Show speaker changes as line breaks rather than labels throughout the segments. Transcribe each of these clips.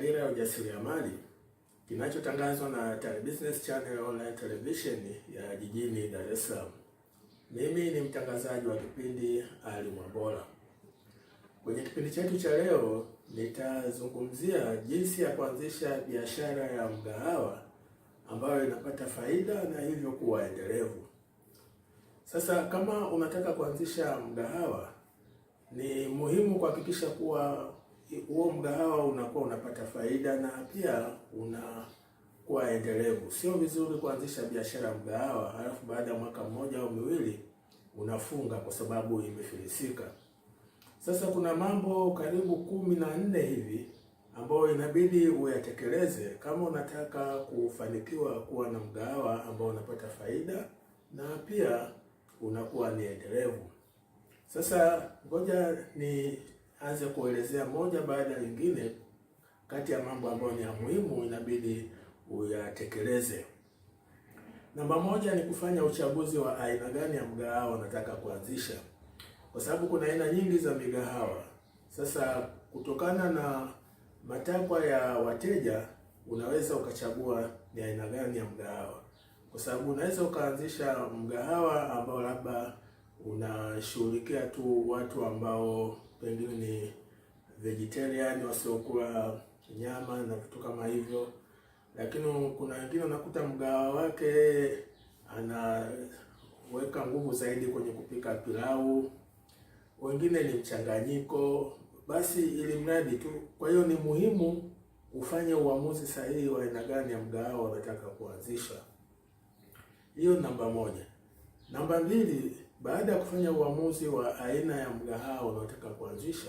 dira ya ujasiriamali kinachotangazwa na Tan Business Channel online television ya jijini Dar es Salaam. Mimi ni mtangazaji wa kipindi Ali Mwambola. Kwenye kipindi chetu cha leo nitazungumzia jinsi ya kuanzisha biashara ya mgahawa ambayo inapata faida na hivyo kuwa endelevu. Sasa kama unataka kuanzisha mgahawa, ni muhimu kuhakikisha kuwa huo mgahawa unakuwa unapata faida na pia unakuwa endelevu. Sio vizuri kuanzisha biashara mgahawa halafu baada ya mwaka mmoja au miwili unafunga kwa sababu imefilisika. Sasa kuna mambo karibu kumi na nne hivi ambayo inabidi uyatekeleze kama unataka kufanikiwa kuwa na mgahawa ambao unapata faida na pia unakuwa ni endelevu. Sasa ngoja ni aanze kuelezea moja baada ya nyingine kati ya mambo ambayo ni ya muhimu inabidi uyatekeleze. Namba moja ni kufanya uchaguzi wa aina gani ya mgahawa unataka kuanzisha, kwa sababu kuna aina nyingi za migahawa. Sasa kutokana na matakwa ya wateja, unaweza ukachagua ni aina gani ya mgahawa, kwa sababu unaweza ukaanzisha mgahawa ambao labda unashughulikia tu watu ambao wengine ni vegetarian wasiokula nyama na vitu kama hivyo, lakini kuna wengine unakuta mgawa wake anaweka nguvu zaidi kwenye kupika pilau, wengine ni mchanganyiko, basi ili mradi tu. Kwa hiyo ni muhimu ufanye uamuzi sahihi wa aina gani ya mgawa unataka kuanzisha. Hiyo namba moja. Namba mbili baada ya kufanya uamuzi wa aina ya mgahawa unaotaka kuanzisha,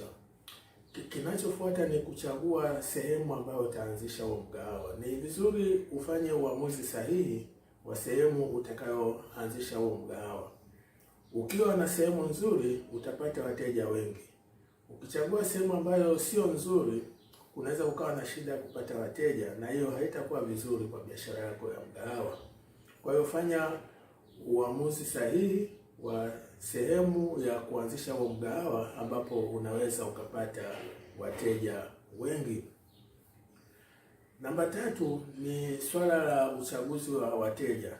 kinachofuata ni kuchagua sehemu ambayo utaanzisha huo mgahawa. Ni vizuri ufanye uamuzi sahihi wa sehemu utakayoanzisha huo mgahawa. Ukiwa na sehemu nzuri, utapata wateja wengi. Ukichagua sehemu ambayo sio nzuri, unaweza ukawa na shida ya kupata wateja, na hiyo haitakuwa vizuri kwa biashara yako ya mgahawa. Kwa hiyo fanya uamuzi sahihi wa sehemu ya kuanzisha huo mgahawa ambapo unaweza ukapata wateja wengi. Namba tatu ni swala la uchaguzi wa wateja.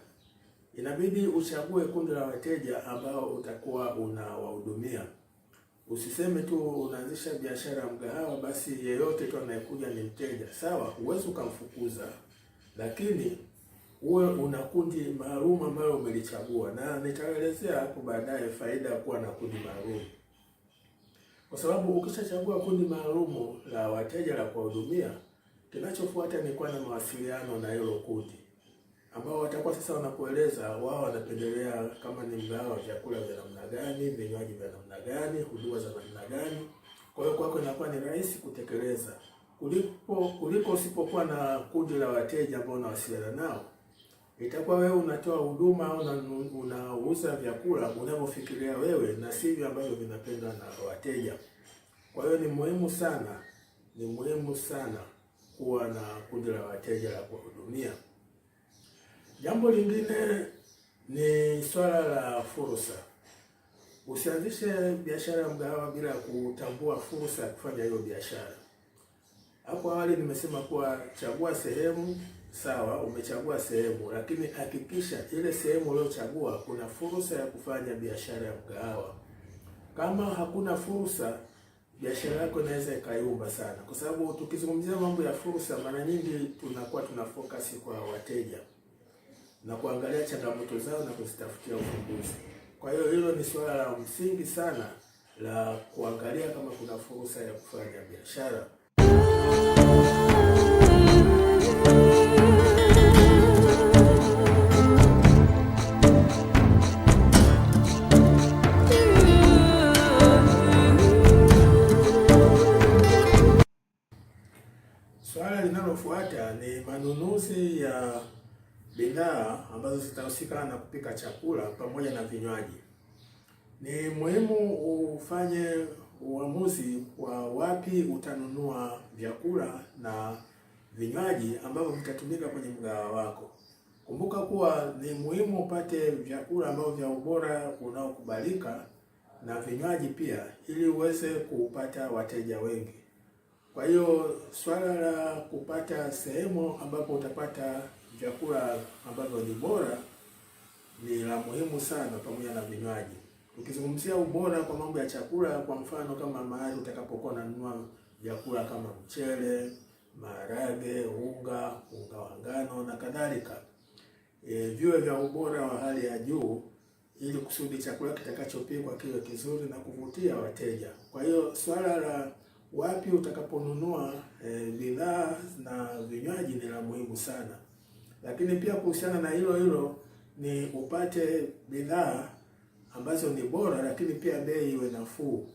Inabidi uchague kundi la wateja ambao utakuwa unawahudumia. Usiseme tu unaanzisha biashara ya mgahawa, basi yeyote tu anayekuja ni mteja. Sawa, huwezi ukamfukuza, lakini uwe una kundi maalum ambayo umelichagua, na nitaelezea hapo baadaye faida ya kuwa na kundi maalum, kwa sababu ukishachagua kundi maalum la wateja la kuwahudumia, kinachofuata ni kuwa na mawasiliano na hilo kundi, ambao watakuwa sasa wanakueleza wao wanapendelea kama ni mgao wa vyakula vya namna gani, vinywaji vya namna gani, huduma za namna gani. Kwa hiyo kwako inakuwa ni rahisi kutekeleza kuliko kuliko usipokuwa na kundi la wateja ambao unawasiliana nao itakuwa wewe unatoa huduma au unauza vyakula unavyofikiria wewe na sivyo ambavyo vinapendwa na wateja. Kwa hiyo ni muhimu sana, ni muhimu sana kuwa na kundi la wateja la kuhudumia. Jambo lingine ni swala la fursa. Usianzishe biashara ya mgahawa bila kutambua fursa ya kufanya hiyo biashara. Hapo awali nimesema kuwa chagua sehemu sawa, umechagua sehemu, lakini hakikisha ile sehemu uliochagua kuna fursa ya kufanya biashara ya mgahawa. Kama hakuna fursa, biashara yako inaweza ikayumba sana, kwa sababu tukizungumzia mambo ya fursa, mara nyingi tunakuwa tuna focus kwa wateja na kuangalia changamoto zao na kuzitafutia ufumbuzi. Kwa hiyo hilo ni suala la msingi sana la kuangalia kama kuna fursa ya kufanya biashara. bidhaa ambazo zitahusika na kupika chakula pamoja na vinywaji. Ni muhimu ufanye uamuzi wa wapi utanunua vyakula na vinywaji ambavyo vitatumika kwenye mgawa wako. Kumbuka kuwa ni muhimu upate vyakula ambavyo vya ubora unaokubalika na vinywaji pia, ili uweze kupata wateja wengi. Kwa hiyo swala la kupata sehemu ambapo utapata vyakula ambavyo ni bora ni la muhimu sana, pamoja na vinywaji. ukizungumzia ubora kwa mambo ya chakula, kwa mfano kama mahali utakapokuwa unanunua vyakula kama mchele, maharage, unga, unga wa ngano na kadhalika, e, viwe vya ubora wa hali ya juu ili kusudi chakula kitakachopikwa kiwe kizuri na kuvutia wateja. Kwa hiyo swala la wapi utakaponunua e, bidhaa e, na vinywaji ni la muhimu sana. Lakini pia kuhusiana na hilo hilo ni upate bidhaa ambazo ni bora, lakini pia bei iwe nafuu,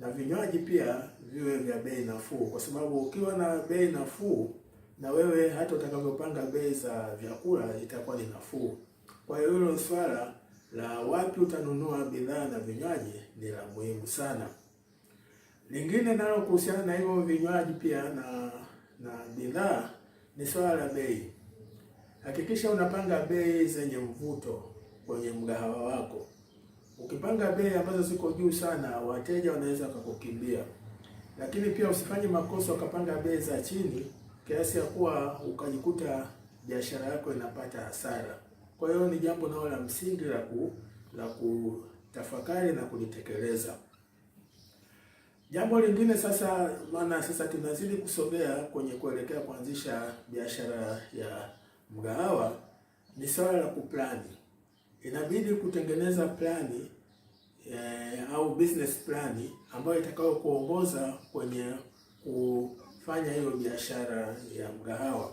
na vinywaji pia viwe vya bei nafuu, kwa sababu ukiwa na bei nafuu, na wewe hata utakavyopanga bei za vyakula itakuwa ni nafuu. Kwa hiyo hilo swala la wapi utanunua bidhaa na vinywaji ni la muhimu sana. Lingine nalo kuhusiana na hivyo vinywaji pia na na bidhaa ni swala la bei. Hakikisha unapanga bei zenye mvuto kwenye mgahawa wako. Ukipanga bei ambazo ziko juu sana, wateja wanaweza kukukimbia. Lakini pia usifanye makosa ukapanga bei za chini kiasi ya kuwa ukajikuta biashara yako inapata hasara. Kwa hiyo ni jambo nao la msingi la ku la kutafakari na kulitekeleza. Jambo lingine sasa, maana sasa tunazidi kusogea kwenye kuelekea kuanzisha biashara ya mgahawa ni swala la kuplani. Inabidi kutengeneza plani e, au business plani ambayo itakayo kuongoza kwenye kufanya hiyo biashara ya mgahawa.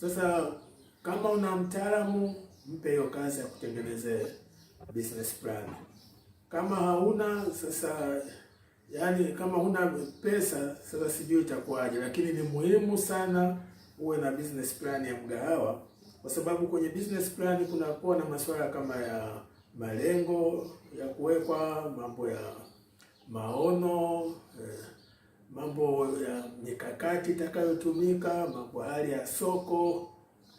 Sasa kama una mtaalamu mpe hiyo kazi ya kutengeneza business plan. Kama hauna sasa, yani kama huna pesa sasa, sijui itakuwaje, lakini ni muhimu sana uwe na business plan ya mgahawa, kwa sababu kwenye business plan kunakuwa na masuala kama ya malengo ya kuwekwa, mambo ya maono eh, mambo ya mikakati itakayotumika, mambo hali ya soko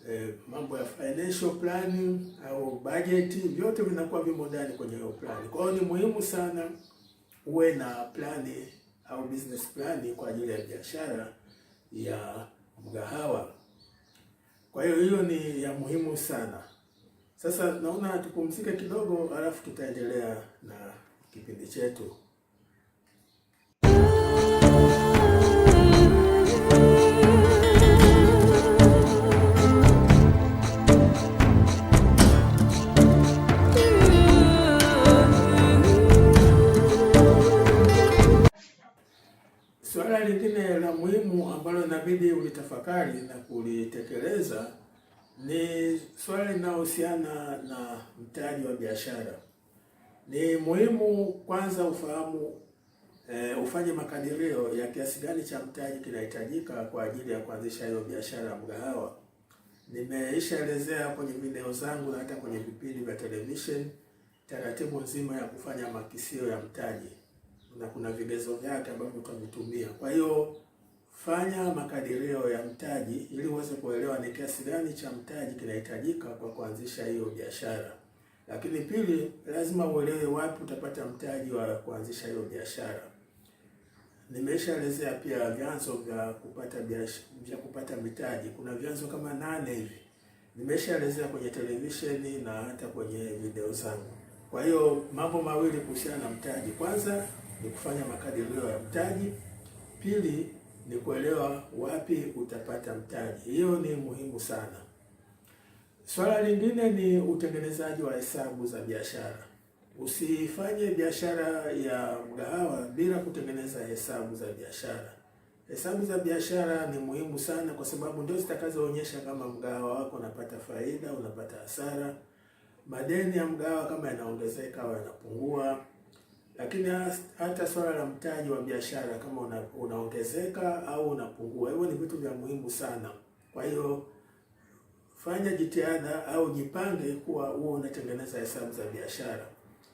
eh, mambo ya financial planning au budget, vyote vinakuwa vimo ndani kwenye hiyo plan. Kwa hiyo ni muhimu sana uwe na plani au business plan kwa ajili ya biashara ya mgahawa. Kwa hiyo hiyo ni ya muhimu sana. Sasa naona tupumzike kidogo, halafu tutaendelea na kipindi chetu. Suala lingine la muhimu ambalo inabidi ulitafakari na kulitekeleza ni suala linalohusiana na mtaji wa biashara. Ni muhimu kwanza ufahamu e, ufanye makadirio ya kiasi gani cha mtaji kinahitajika kwa ajili ya kuanzisha hiyo biashara ya mgahawa. Nimeishaelezea kwenye video zangu na hata kwenye vipindi vya television taratibu nzima ya kufanya makisio ya mtaji na kuna vigezo vyake ambavyo tutavitumia. Kwa hiyo fanya makadirio ya mtaji ili uweze kuelewa ni kiasi gani cha mtaji kinahitajika kwa kuanzisha hiyo biashara. Lakini pili, lazima uelewe wapi utapata mtaji wa kuanzisha hiyo biashara. Nimeshaelezea pia vyanzo vya kupata biashara, vya kupata mitaji. Kuna vyanzo kama nane hivi nimeshaelezea kwenye televisheni na hata kwenye video zangu. Kwa hiyo mambo mawili kuhusiana na mtaji, kwanza ni kufanya makadirio ya mtaji. Pili ni kuelewa wapi utapata mtaji, hiyo ni muhimu sana. Swala lingine ni utengenezaji wa hesabu za biashara. Usifanye biashara ya mgahawa bila kutengeneza hesabu za biashara. Hesabu za biashara ni muhimu sana, kwa sababu ndio zitakazoonyesha kama mgahawa wako unapata faida, unapata hasara, madeni ya mgahawa kama yanaongezeka au yanapungua lakini hata swala la mtaji wa biashara kama una, unaongezeka au unapungua, hivyo ni vitu vya muhimu sana. Kwa hiyo fanya jitihada au jipange kuwa huo unatengeneza hesabu za biashara.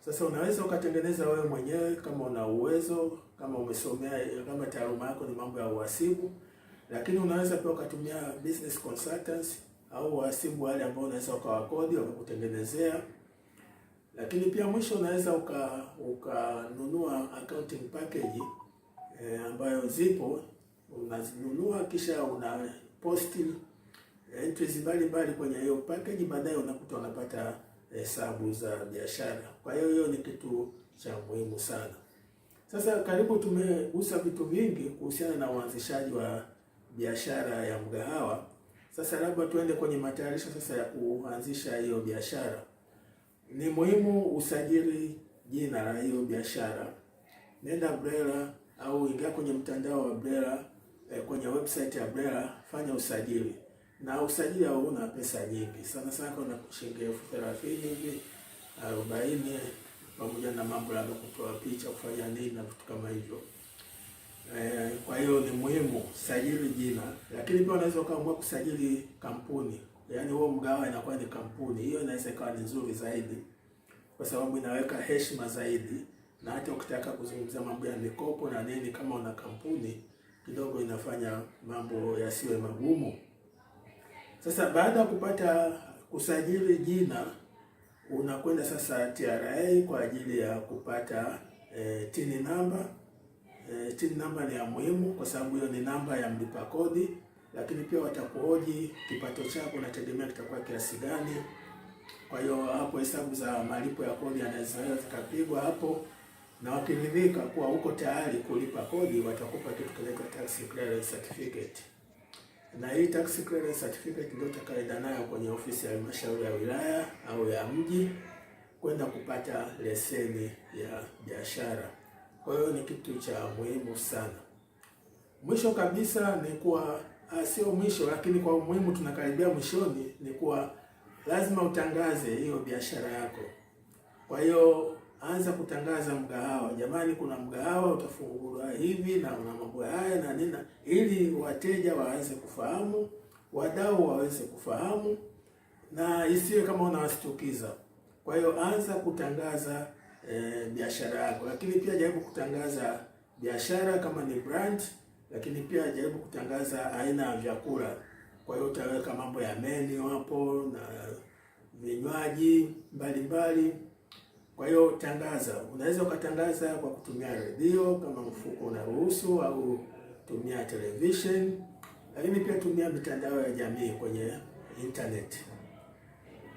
Sasa unaweza ukatengeneza wewe mwenyewe kama una uwezo, kama umesomea, kama taaluma yako ni mambo ya uhasibu, lakini unaweza pia ukatumia business consultants au wahasibu wale ambao unaweza ukawakodi wakakutengenezea lakini pia mwisho unaweza ukanunua uka accounting package e, ambayo zipo unazinunua, kisha una posti eh, entries mbalimbali kwenye hiyo package, baadaye unakuta unapata hesabu eh, za biashara. Kwa hiyo hiyo ni kitu cha muhimu sana. Sasa karibu tumegusa vitu vingi kuhusiana na uanzishaji wa biashara ya mgahawa. Sasa labda tuende kwenye matayarisho sasa ya kuanzisha hiyo biashara. Ni muhimu usajili jina la hiyo biashara. Nenda BRELA au ingia kwenye mtandao wa BRELA, eh, kwenye website ya BRELA fanya usajili, na usajili hauna pesa nyingi sana sana, kuna shilingi elfu thelathini hivi arobaini, pamoja na mambo labda kutoa picha, kufanya nini na vitu kama hivyo. Eh, kwa hiyo ni muhimu sajili jina, lakini pia unaweza ukaamua kusajili kampuni yaani huo mgawa inakuwa ni kampuni hiyo, inaweza ikawa ni nzuri zaidi, kwa sababu inaweka heshima zaidi, na hata ukitaka kuzungumzia mambo ya mikopo na nini, kama una kampuni kidogo, inafanya mambo yasiwe magumu. Sasa baada ya kupata kusajili jina, unakwenda sasa TRA kwa ajili ya kupata e, tini namba. E, tini namba ni ya muhimu kwa sababu hiyo ni namba ya mlipa kodi lakini pia watakuhoji kipato chako unategemea kitakuwa kiasi gani. Kwa hiyo hapo hesabu za malipo ya kodi anazoweza zikapigwa hapo, na wakiridhika kuwa uko tayari kulipa kodi, watakupa kitu kinaitwa tax clearance certificate, na hii tax clearance certificate ndio utakaenda nayo kwenye ofisi ya halmashauri ya wilaya au ya mji kwenda kupata leseni ya biashara. Kwa hiyo ni kitu cha muhimu sana. Mwisho kabisa ni kuwa uh, sio mwisho, lakini kwa umuhimu tunakaribia mwishoni, ni kuwa lazima utangaze hiyo biashara yako. Kwa hiyo anza kutangaza mgahawa, jamani, kuna mgahawa utafungulwa hivi na una mambo haya na nina, ili wateja waanze kufahamu, wadau waweze kufahamu na isiwe kama unawastukiza. Kwa hiyo anza kutangaza e, biashara yako, lakini pia jaribu kutangaza biashara kama ni brand lakini pia jaribu kutangaza aina ya vyakula. Kwa hiyo utaweka mambo ya menu hapo na vinywaji mbalimbali. Kwa hiyo tangaza, unaweza ukatangaza kwa kutumia redio kama mfuko unaruhusu, au tumia television, lakini pia tumia mitandao ya jamii kwenye internet.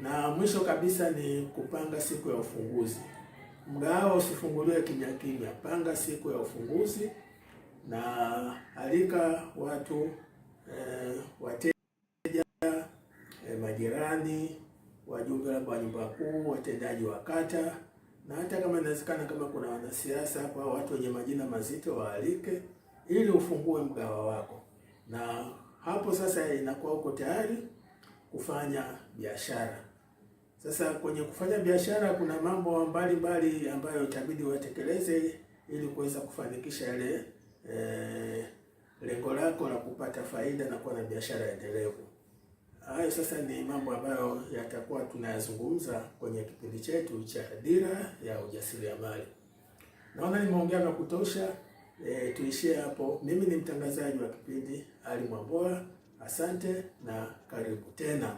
Na mwisho kabisa ni kupanga siku ya ufunguzi. Mgahawa usifunguliwe kimya kimya, panga siku ya ufunguzi na alika watu eh, wateja eh, majirani, wajumbe wa nyumba kuu, watendaji wa kata, na hata kama inawezekana, kama kuna wanasiasa hapa, watu wenye majina mazito waalike, ili ufungue mgawa wako, na hapo sasa inakuwa uko tayari kufanya biashara. Sasa kwenye kufanya biashara kuna mambo mbalimbali ambayo itabidi watekeleze ili kuweza kufanikisha yale Eh, lengo lako la kupata faida na kuwa na biashara endelevu. Hayo sasa ni mambo ambayo yatakuwa tunayazungumza kwenye kipindi chetu cha Dira ya Ujasiriamali. Naona nimeongea na kutosha, e, tuishie hapo. Mimi ni mtangazaji wa kipindi Ali Mwamboa, asante na karibu tena.